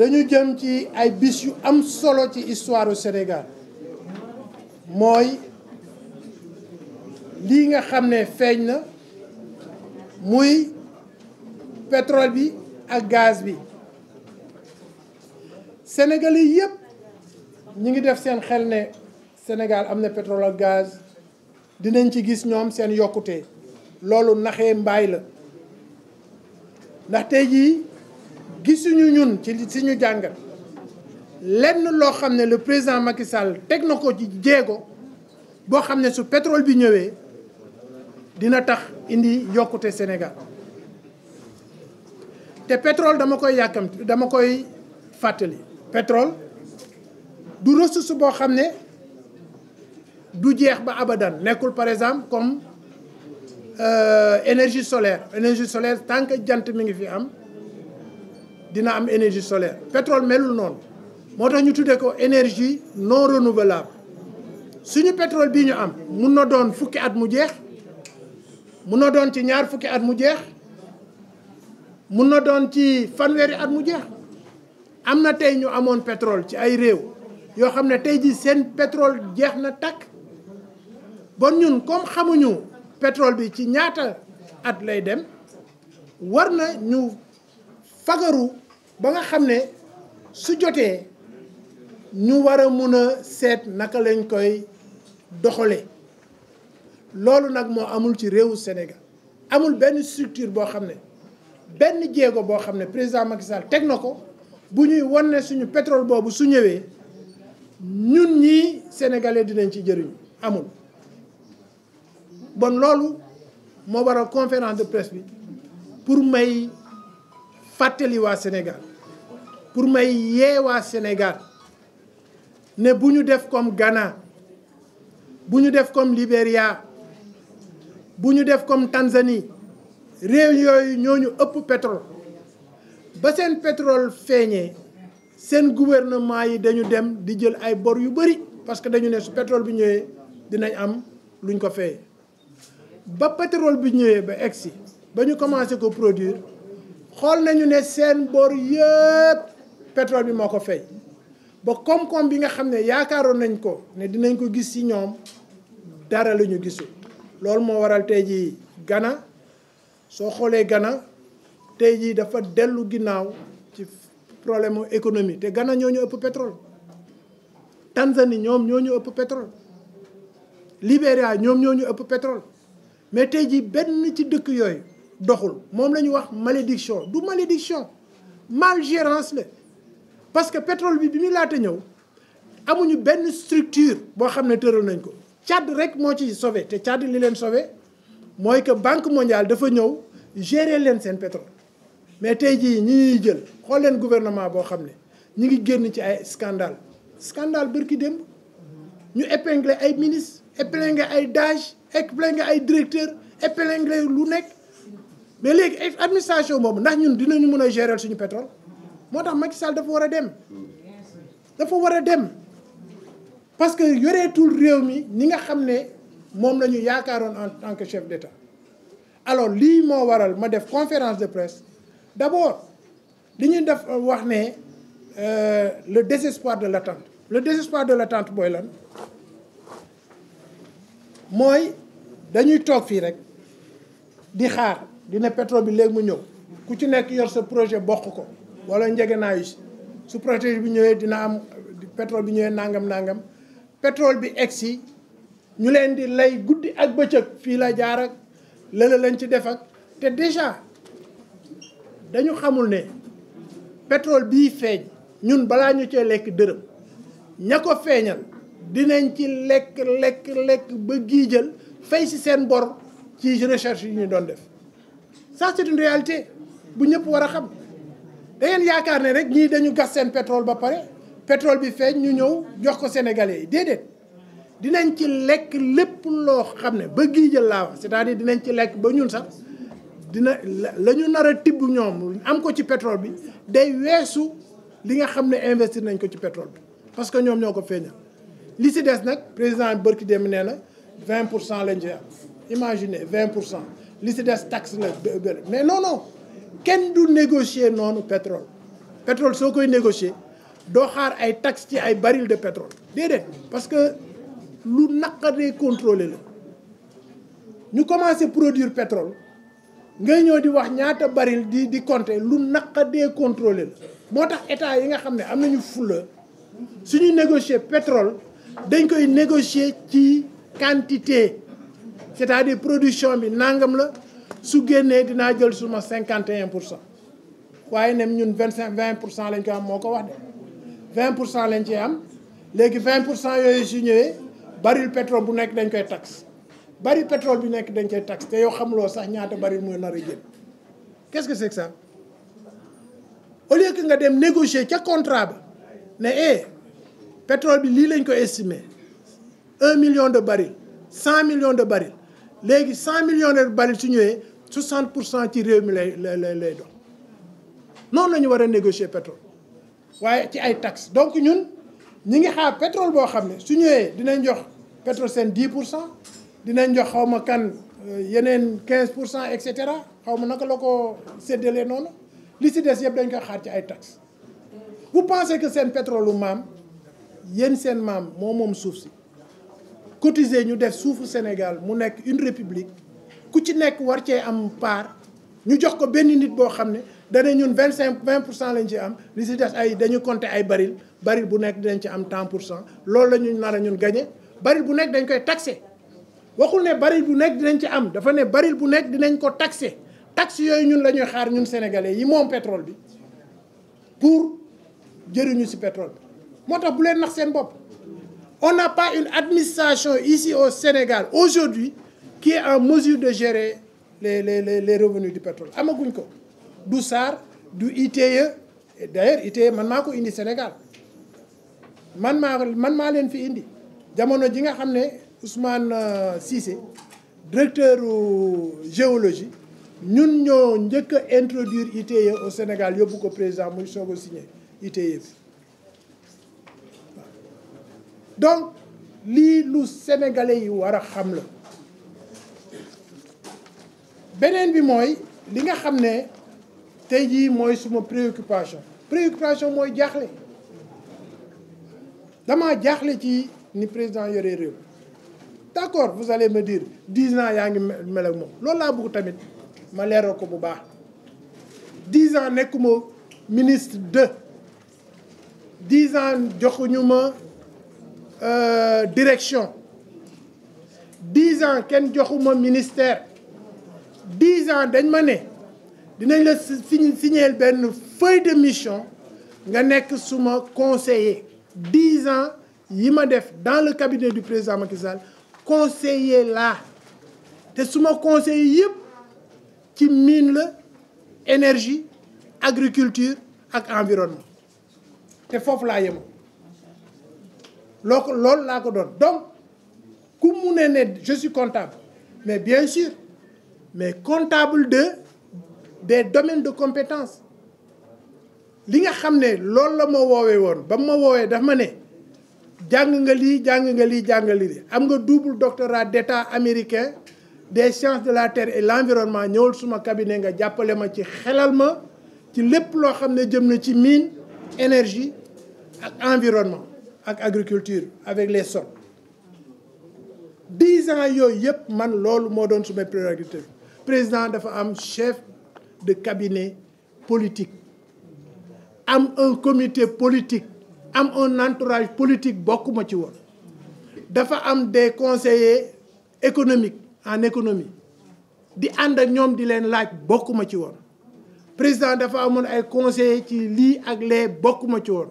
dañu jëm ci ay bis yu am solo ci histoire du Sénégal mooy lii nga xam ne feeñ na muy pétrole bi ak gaz bi sénégalais yëpp ñi ngi def seen xel ne Sénégal am na pétrole ak gaz dinañ ci gis ñoom seen yokkute loolu naxee mbaay la ndax tey jii gis gisuñu ñun ci si ñu jàngat lenn loo xam ne le président Macky Sall teg na ko ci jéego boo xam ne su pétrole bi ñëwee dina tax indi yokkute Sénégal te pétrole dama koy yàkkamti dama koy fàttali. pétrole du ressource boo xam ne du jeex ba abadan nekkul par exemple comme euh, énergie solaire énergie solaire tant que jant mi ngi fi am. dina am énergie solaire pétrole melul noonu moo tax ñu tuddee ko énergie non renouvelable suñu pétrole bii ñu am mun na doon fukki at mu jeex mun na doon ci ñaar fukki at mu jeex mun na doon ci fanweeri at mu jeex am na tey ñu amoon pétrole ci ay réew yoo xam ne tey ji seen pétrole jeex na takk bon ñun comme xamuñu pétrole bi ci ñaata at lay dem war na ñu fagaru ba nga xam ne su jotee ñu war a mun a seet naka lañ koy doxalee loolu nag moo amul ci réewu Sénégal amul benn structure boo xam ne benn jéego boo xam ne président Macky teg na ko bu ñuy wan suñu pétrole boobu su ñëwee ñun ñii sénégalais dinañ ci jëriñu amul. bon loolu moo waral conférence de presse bi pour may. fàttali waa Sénégal pour may yee waa Sénégal ne bu ñu def comme Ghana bu ñu def comme Libéria bu ñu def comme Tanzanie réew yooyu ñoo ñu ëpp pétrole ba seen pétrole feeñee seen gouvernement yi dañu dem di jël ay bor yu bari parce que dañu ne su pétrole bi ñëwee dinañ am luñ ko fayee ba pétrole bi ñëwee ba egsi ba ñu commencé ko produire xool nañu ne seen boor yëpp pétrole bi moo ko fay ba koom-koom bi nga xam ne yaakaaroon nañ ko ne dinañ ko gis ci ñoom dara lañu gisu loolu moo waral tey jii gana soo xoolee gana tey jii dafa dellu ginnaaw ci problème mu économie te Ghana ñoo ñu ëpp pétrole Tanzanie ñoom ñoo ñu ëpp pétrole Libéria ñoom ñooñu ëpp pétrole mais tey jii benn ci dëkk yooyu. doxul moom la ñu wax malédiction du mal malgérance la parce que pétrole bi bi muy laata ñëw amuñu benn structure boo xam ne tëral nañ ko Tchad rek moo ci sauvé te Tchad li leen sauvé mooy que banque mondiale dafa ñëw gérer leen seen pétrole mais tey jii ñu ñuy jël xool leen gouvernement boo xam ne ñu ngi génn ci ay scandale scandale bërki démb ñu épinglé ay ministre épinglé ay DAGE épinglé ay directeur épinglé lu nekk mais léegi administration boobu ndax ñun dinañu mën a gérer suñu pétrole moo tax Macky Sall dafa war a dem dafa war a dem parce que yoreetul réew mi ni nga xam ne moom la ñu yaakaaroon en tant que chef d'État alors lii moo waral ma def conférence de presse d'abord li ñuy def euh, wax ne euh, le désespoir de l'attente le désespoir de l'attente booy lan mooy dañuy toog fii rek di xaar dina pétrole bi léegi mu ñëw ku ci nekk yor sa projet bokk ko wala njëgënaayu si su projet bi ñëwee dina am pétrole bi ñëwee nangam nangam pétrole bi egg si ñu leen di lay guddi ak bëccëg fii la jaar ak lële lañ ci def ak te déjà dañu xamul ne pétrole bii feeñ ñun balaa ñu cee lekk dërëm ña ko feeñal dinañ ci lekk lekk lekk ba gii jël fay si seen bor ci recherche yi ñu doon def. ça c'est une réalité bu ñëpp war a xam da ngeen yaakaar ne rek ñii dañu gas seen pétrole ba pare pétrole bi feeñ ñu ñëw jox ko sénégalais yi déedéet dinañ ci lekk lépp loo xam ne ba gii jël laa wax c'est-à-dire dinañ ci lekk ba ñun sax dina la ñu nar a tibb ñoom am ko ci pétrole bi day weesu li nga xam ne investir nañ ko ci pétrole bi parce que ñoom ñoo ko feeñal li si des nag président bërki dem nee na vingt pour cent lañ ci am imaginez vingt pour cent li si des taxe na mais non kenn du négocier noonu pétrole pétrole soo koy négocier doo xaar ay taxe ci ay baril de pétrole déedéet parce que lu naqaree contrôler la ñu commencé produire pétrole ngay ñëw di wax ñaata baril di di compter lu naqadee contrôler la moo tax état yi nga xam ne am nañu fulla suñu négocier pétrole dañ koy négocier ci quantité cest à production bi nangam la su génnee dinaa jël suma cinquante et un pour cent waaye nem ñun vingt cinq vingt pour cent lañ ko am moo ko wax de pour cent lañ ci am léegi vingt pour cent yooyu baril pétrole bu nekk dañ koy taxe baril pétrole bu nekk dañ koy taxe te yow xamuloo sax ñaata baril mooy nar a jël que c'est que nga dem négocier ca contrat ba ne eh pétrole bi lii lañ ko estimer un million de baril cent million de baril léegi cent millionnaires bari su ñëwee 60 pour cent ci réew mi lay lay lay dox noonu la ñu war a négocier pétrole waaye ci ay tax donc ñun ñu ngi xaar pétrole boo xam ne su ñëwee dinañ jox Petrosen 10 pour cent dinañ jox xaw ma kan euh, yeneen quinze pour cent et cetera xaw ma naka la ko séddalee noonu li si des yëpp dañ koy xaar ci ay tax vous pensez que seen pétrole maam yéen seen maam moo moom suuf si. cotiser ñu def suufu Sénégal mu nekk une république ku ci nekk war cee am part ñu jox ko benn nit boo xam ne dana ñun vingt cinq vingt pour cent lañ ci am li si des ay dañu compter ay baril baril bu nekk dinañ ci am tant pour cent loolu la ñu nar a ñun gagné baril bu nekk dañ koy taxé waxul ne baril bu nekk dinañ ci am dafa ne baril bu nekk dinañ ko taxé taxe yooyu ñun lañuy xaar ñun sénégalais yi moom pétrole bi pour jëriñu si pétrole bi moo tax bu leen nax seen bopp On n'a pas une administration ici au Sénégal aujourd'hui qui est en mesure de gérer les les les les revenus du pétrole amaguñ ko du saar du ITIE d'ailleurs ITIE man maa ko indi Sénégal man maa man maa leen fi indi jamono ji nga xam ne Ousmane euh, Cissé directeur géologie ñun ñoo njëkk a introduire ITIE au Sénégal yóbbu ko président muy soog a signé ITIE donc lii lu sénégalais yi war a xam la beneen bi mooy li nga xam ne tey jii mooy suma préoccupation préoccupation mooy jaaxle dama jaaxle ci ni président yore réew d'accord vous allez me dire dix ans yaa ngi mel ak moom loolu laa bëgg tamit ma leeral ko bu baax dix ans nekkuma ministre de dix ans joxuñu ma Euh, direction dix ans kenn joxuma ministère dix ans dañ ma ne dinañ la signer benn feuille de mission nga nekk suma conseiller dix ans yi ma def dans le cabinet du président Macky Sall conseiller laa te suma conseiller yëpp ci mine la énergie agriculture ak environnement te foofu laa yemoo loo ko loolu laa ko doon donc ku mu ne ne je suis comptable mais bien sûr mais comptable de des domaines de compétence li nga xam ne loolu la ma woowee woon ba mu ma woowee daf ma ne jàng nga lii jàng nga lii jàng lii am nga double doctorat d'état américain des sciences de la terre et l'environnement ñëwal suma cabinet nga jàppale ma ci xelal ma ci lépp loo xam ne jëm na ci mine énergie ak environnement ak agriculture avec les sols dix ans yooyu yëpp man loolu moo doon suma priorité président dafa am chef de cabinet politique am un comité politique am un entourage politique bokkuma ci woon dafa am de conseillers économiques en économie di ànd ak ñoom di leen laaj bokkuma ci woon président dafa amoon ay conseillers ci lii ak lee bokkuma ci woon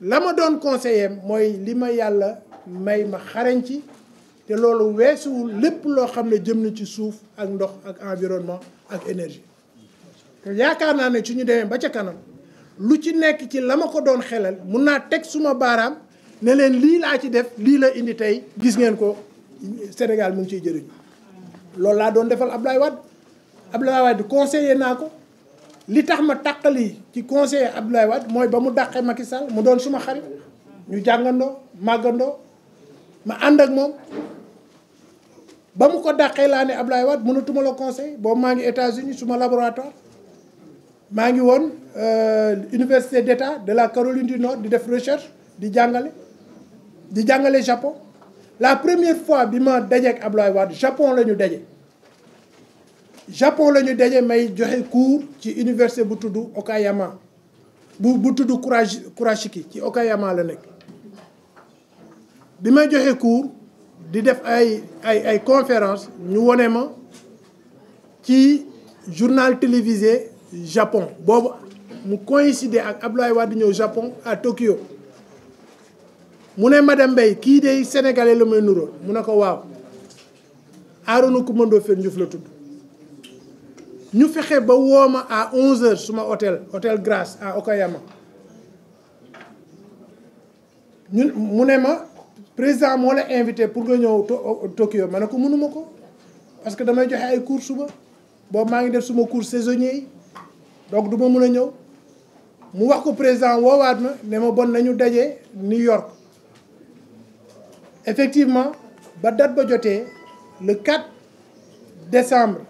la ma doon conseiller mooy li ma yàlla may ma xarañ ci te loolu weesuwul lépp loo xam ne jëm na ci suuf ak ndox ak environnement ak énergie yaakaar naa ne ci ñu demee ba ca kanam lu ci nekk ci la ma ko doon xelal mun naa teg suma baaraam ne leen lii laa ci def lii la indi tey gis ngeen ko Sénégal mu ngi ciy jëriñu loolu laa doon defal Ablaye Wade Ablaye Wade conseiller naa ko li tax ma tàqali ci conseiller Abdoulaye Wade mooy ba mu dàqee Macky Sall mu doon suma xarit ñu jàngandoo màggandoo ma ànd ak moom ba mu ko dàqee laa ne Abdoulaye Wade mënatuma la conseil boobu maa ngi États-Unis suma laboratoire maa ngi woon euh, université d'État de la Caroline du Nord di def recherche di jàngale di jàngale Japon la première fois bi ma dajeek Abdoulaye Wade Japon la ñu daje Japon la ñu daje may joxe cours ci université bu tudd Okayama bu bu tudd Kurash ki ci Okayama la nekk bi may joxe cours di def ay ay ay conférence ñu wone ma ci journal télévisé Japon boobu mu coïncider ak Abdoulaye Wade ñëw Japon à Tokyo mu ne ma dem Mbaye kii dey sénégalais la may nuróo mu ne ko waaw Arouna Coumba Ndoffène Diouf la tudd ñu fexe ba wooma à 11h suma hôtel hôtel Grâce à Okayama ñun mu ne ma président moo la invité pour nga ñëw euh, Tokyo ma ne ko mënuma ko parce que damay joxe ay cours suba boobu maa ngi def suma cours saisonnier yi donc du mun a ñëw mu wax ko président woowaat na ne ma bon nañu daje New York effectivement ba date ba jotee le quatre décembre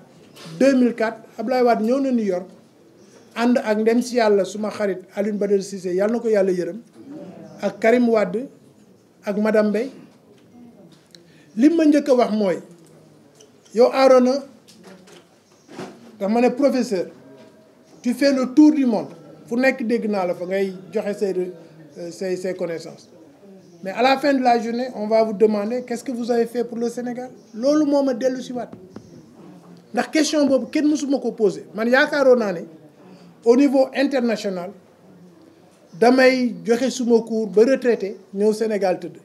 2004 Ablaye Wade ñëw na New York ànd ak ndem si yàlla suma xarit Alioune Badara Cissé yàlla na ko yàlla yërëm ak Karim Wade ak madame Mbaye li ma njëkk a wax mooy yow Arona ndax ma ne professeur tu fais le tour du monde fu nekk dégg naa la fa ngay joxe say euh, say say connaissances mais à la fin de la journée on va vous demander qu'est-ce vous avez fait pour le Sénégal loolu moo ma dellu si waat ndax question boobu kenn mësuma ko posé man yaakaaroon naa ne au niveau international damay joxe suma cours ba retraité ñëw Sénégal tëdd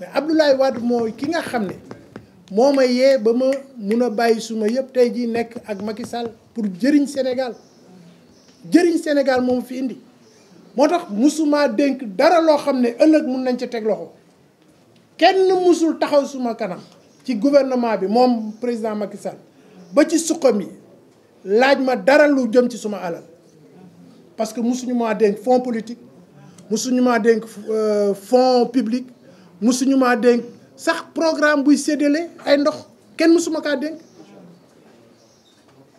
mais Abdoulaye Wade mooy ki nga xam ne moo ma yee ba ma mun a bàyyi suma yëpp tey jii nekk ak Macky Sall pour jëriñ Sénégal jëriñ Sénégal moom fi indi moo tax musuma dénk dara loo xam ne ëllëg mun nañ ca teg loxo kenn musul taxaw suma kanam ci gouvernement bi moom président Macky Sall ba ci suqam mi laaj ma dara lu jëm ci suma alal parce que musuñu maa dénk fonds politique musuñu maa dénk euh, fonds public musuñu maa dénk sax programme buy séddale ay ndox kenn musuma kaa dénk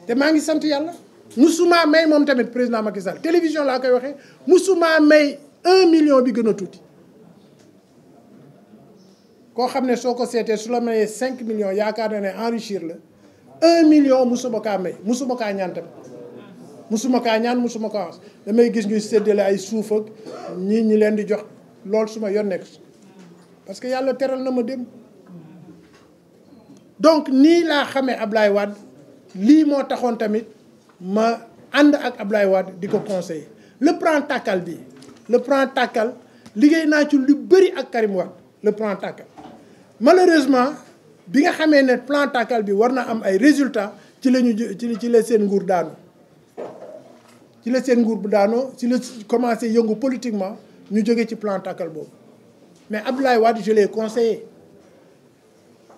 te maa ngi sant yàlla maa may moom tamit président Macky Sall télévision laa koy waxee musuma may un million bi gën a tuuti koo xam ne soo ko seetee su la mayee cinq million yaakaar na ne enrichir la un million musuma kaa may musuma kaa ñaan tamit musuma kaa ñaan musuma kaa wax damay gis ñuy séddale ay suuf ak ñi leen di jox loolu suma yoon nekk parce que yàlla teral na ma dem donc nii laa xamee Ablaye Wade lii moo taxoon tamit ma ànd ak Ablaye Wade di ko conseiller le plan Takkal bi le plan Takkal liggéey naa ci lu bëri ak Karim Wade le plan Takkal malheureusement bi nga xamee ne plan Takkal bi war na am ay résultats ci la ñu ci ci la seen nguur daanu ci la seen nguur bu daanoo ci la commencé yëngu politiquement ñu jóge ci plan Takkal boobu mais Abdoulaye Wade je l'ai conseillé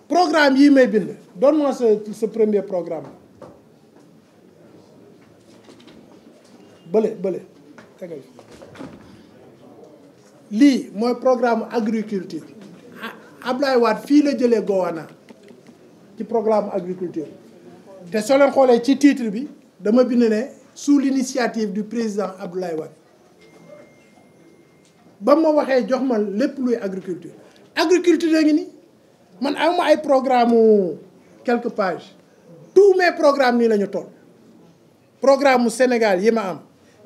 programme yii may bind donne-moi premier programme bële bële lii mooy programme agriculture Abdoulaye Wade fii la jëlee Gowana ci programme agriculture te soo leen xoolee ci titre bi dama bind ne sous l'initiative du président Abdoulaye Wade ba ma waxee jox ma lépp luy agriculture agriculture da ngi ni man awma ay programme quelques pages tous mes programme nii la ñu toll programme mu Sénégal yi ma am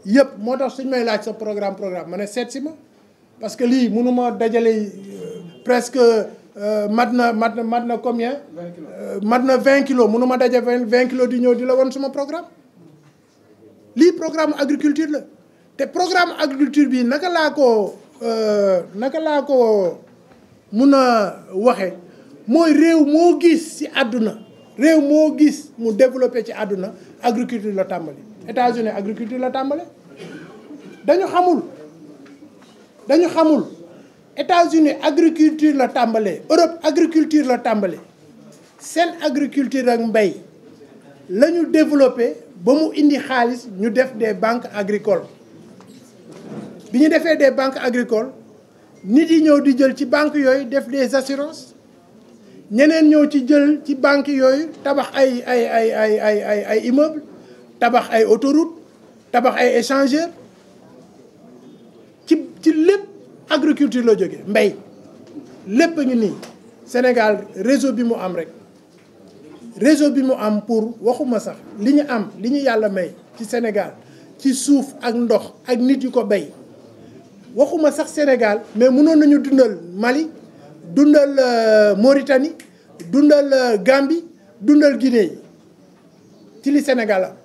yëpp moo tax suñ may laaj sa programme programme ma ne seet si ma parce que lii mënuma dajale euh, presque Euh, mat na mat na mat na combien. Euh, mat na vingt kilos mënu ma daje vingt vingt kilos di ñëw di la won suma programme. lii programme agriculture la te programme agriculture bi naka laa ko euh, naka laa ko mun a waxe mooy réew moo gis ci àdduna réew moo gis mu développé ci àdduna agriculture la tàmbali États-Unis agriculture la tàmbali dañu xamul dañu xamul États-Unis agriculture la tàmbalee Europe agriculture la tàmbalee seen agriculture ak mbay la ñu développé ba mu indi xaalis ñu def des banques agricole bi ñu defee des banques agricole nit yi ñëw di jël ci banques yooyu def des assurances ñeneen ñëw ci jël ci banques yooyu tabax ay ay ay ay ay ay ay immeuble tabax ay autoroute tabax ay échangeur ci ci lépp agriculture la jógee mbay lépp ñu nii Sénégal réseau bi mu am rek réseau bi mu am pour waxuma sax li ñu am li ñu yàlla may ci Sénégal ci suuf ak ndox ak nit yu ko bay waxuma sax Sénégal mais mënoon nañu dundal Mali dundal euh, Mauritanie dundal euh, Gambie dundal Guinée yi ci li Sénégal am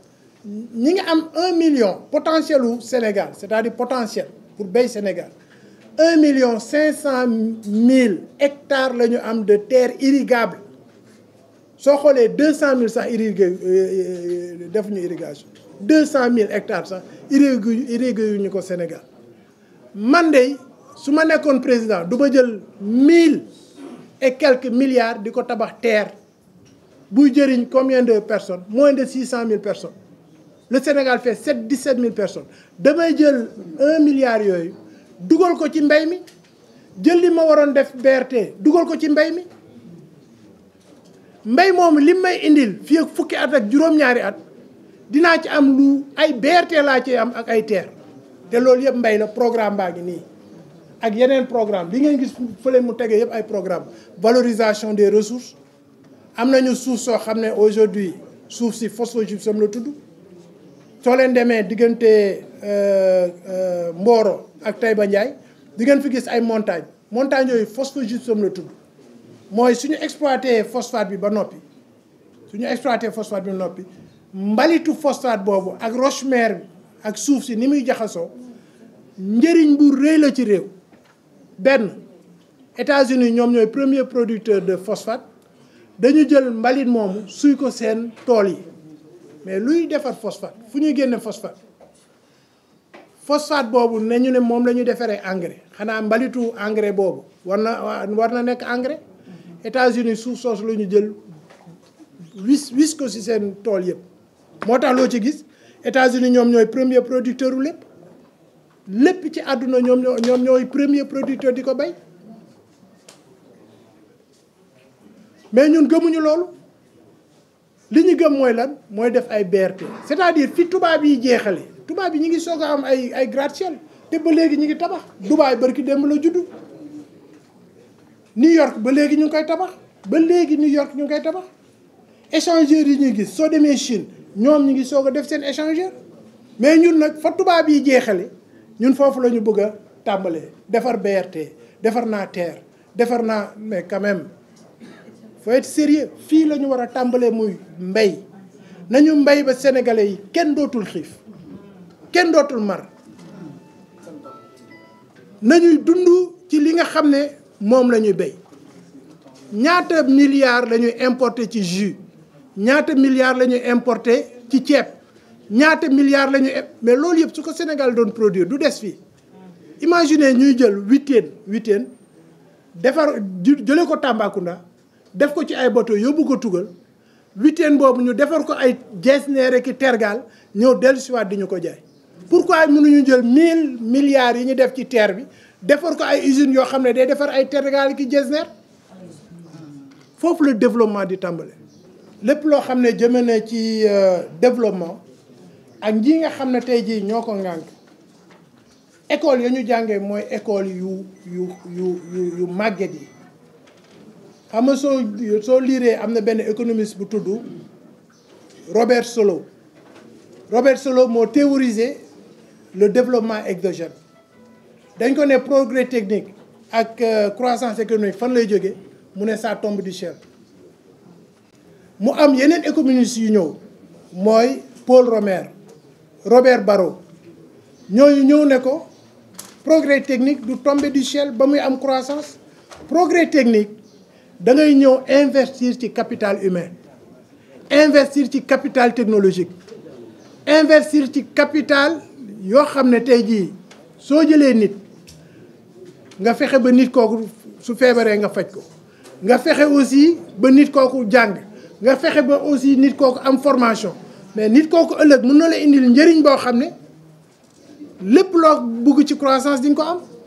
ñi nga am un million potentiel wu Sénégal c'est-à-dire potentiel pour bay Sénégal un million cinq cent mille hectares la ñu am de terre irrigable soo xoolee deux cent mille sax irrigué euh, euh, euh, def ñu irrigation deux cent mille hectares sax irrigué irrigué yu ñu ko Sénégal man de su ma nekkoon président du ma jël mille et quelques milliards di ko tabax terre buy jëriñ combien de personne moins de six cent mille personne le Sénégal fait sept dix sept mille personnes damay jël un milliard yooyu dugal ko ci mbay mi jël li ma waroon def BRT dugal ko ci mbay mi mbay moom li may indil fii fukki at ak juróom-ñaari at dinaa ci am lu ay BRT laa ci am ak ay TER te loolu yëpp mbay la programme baa ngi nii ak yeneen programme li ngeen gis fële mu tegee yëpp ay programme valorisation des ressources am nañu suuf soo xam ne aujourd'hui suuf si phosphogypsum la tudd soo leen demee diggante euh, euh, Mboro ak ba Ndiaye di ngeen fi gis ay montagne montagne yooyu phosphogypsum la tudd mooy suñu exploité phosphate bi ba noppi suñu exploité phosphate bi ba noppi mbalitu phosphate boobu ak roche bi ak suuf si ni muy jaxasoo njëriñ bu rëy la ci réew benn États-Unis ñoom ñooy premier producteur de phosphate dañu jël mbalit moomu suy ko seen tool yi mais luy defar phosphate fu ñuy génne phosphate phosphate boobu ne ñu ne moom la ñu defaree engrais xanaa mbalitu engrais boobu war na war na nekk engrais États-Unis suuf soosu la ñu jël wis wis ko ci seen tool yëpp moo tax loo ci gis États-Unis ñoom ñooy premier producteur u lépp lépp ci àdduna ñoom ñoom ñooy premier producteur di ko bay mais ñun gëmuñu loolu li ñu gëm mooy lan mooy def ay BRT cest diir dire fi tubaab yi jeexale tubaab yi ñu ngi soog a am ay ay gratte-ciel te ba léegi ñu ngi tabax Dubaay bërki démb la juddu New York ba léegi ñu ngi koy tabax ba léegi New York ñu ngi koy tabax échangeur yi ñuy gis soo demee Chine ñoom ñu ngi soog a def seen échangeur mais ñun nag fa tubaab yi jeexale ñun foofu lañu ñu bëgg a tàmbalee defar BRT defar naa TER defar naa mais quand même faut sérieux fii la ñu war a tàmbalee muy mbay nañu mbay ba sénégalais yi kenn dootul xiif kenn dootul mar nañuy dund ci li nga xam ne moom la ñuy béy ñaata milliards lañuy importé ci jus ñaata milliards la ñuy importer ci ceeb ñaata milliards la mais loolu yëpp su ko Sénégal doon produit du des fii imagine ñuy jël huitaine huitaine defar jëlee ko Tambacounda def ko ci ay bateau yóbbu ko tugal huitaine boobu ñu defar ko ay jees neere ki tergal ñëw dellusiwaat di ñu ko jaay pour pourquoi mënuñu jël mille milliards yi ñu def ci terre bi defar ko ay usines yoo xam ne day defar ay tergal ki jesner foofu la développement di tàmbale lépp loo xam ne jëme na ci euh, développement ak ñi nga xam ne tey jii ñoo ko ŋànk école ya ñu jànge mooy école yu yu yu yu yu màgget yi xam nga soo soo liiree am na benn économiste bu tudd Robert Solow Robert Solow moo théorisé le développement exogène dañ ko ne progrès technique ak euh, croissance économique fan lay jógee mu ne ça tombe du ciel mu am yeneen économistes yu ñëw mooy Paul Romer Robert Barreau ñooñu ñëw ne ko progrès technique du tomber du ciel ba muy am croissance progrès technique da ngay ñëw investir ci capital humain investir ci capital technologique investir ci capital yoo xam ne tey jii soo jëlee nit nga fexe ba nit kooku su feebaree nga faj ko nga fexe aussi ba nit kooku jàng nga fexe ba aussi nit kooku am formation mais nit kooku ëllëg mun na la indil njëriñ boo xam ne lépp loo bugg ci croissance di nga ko am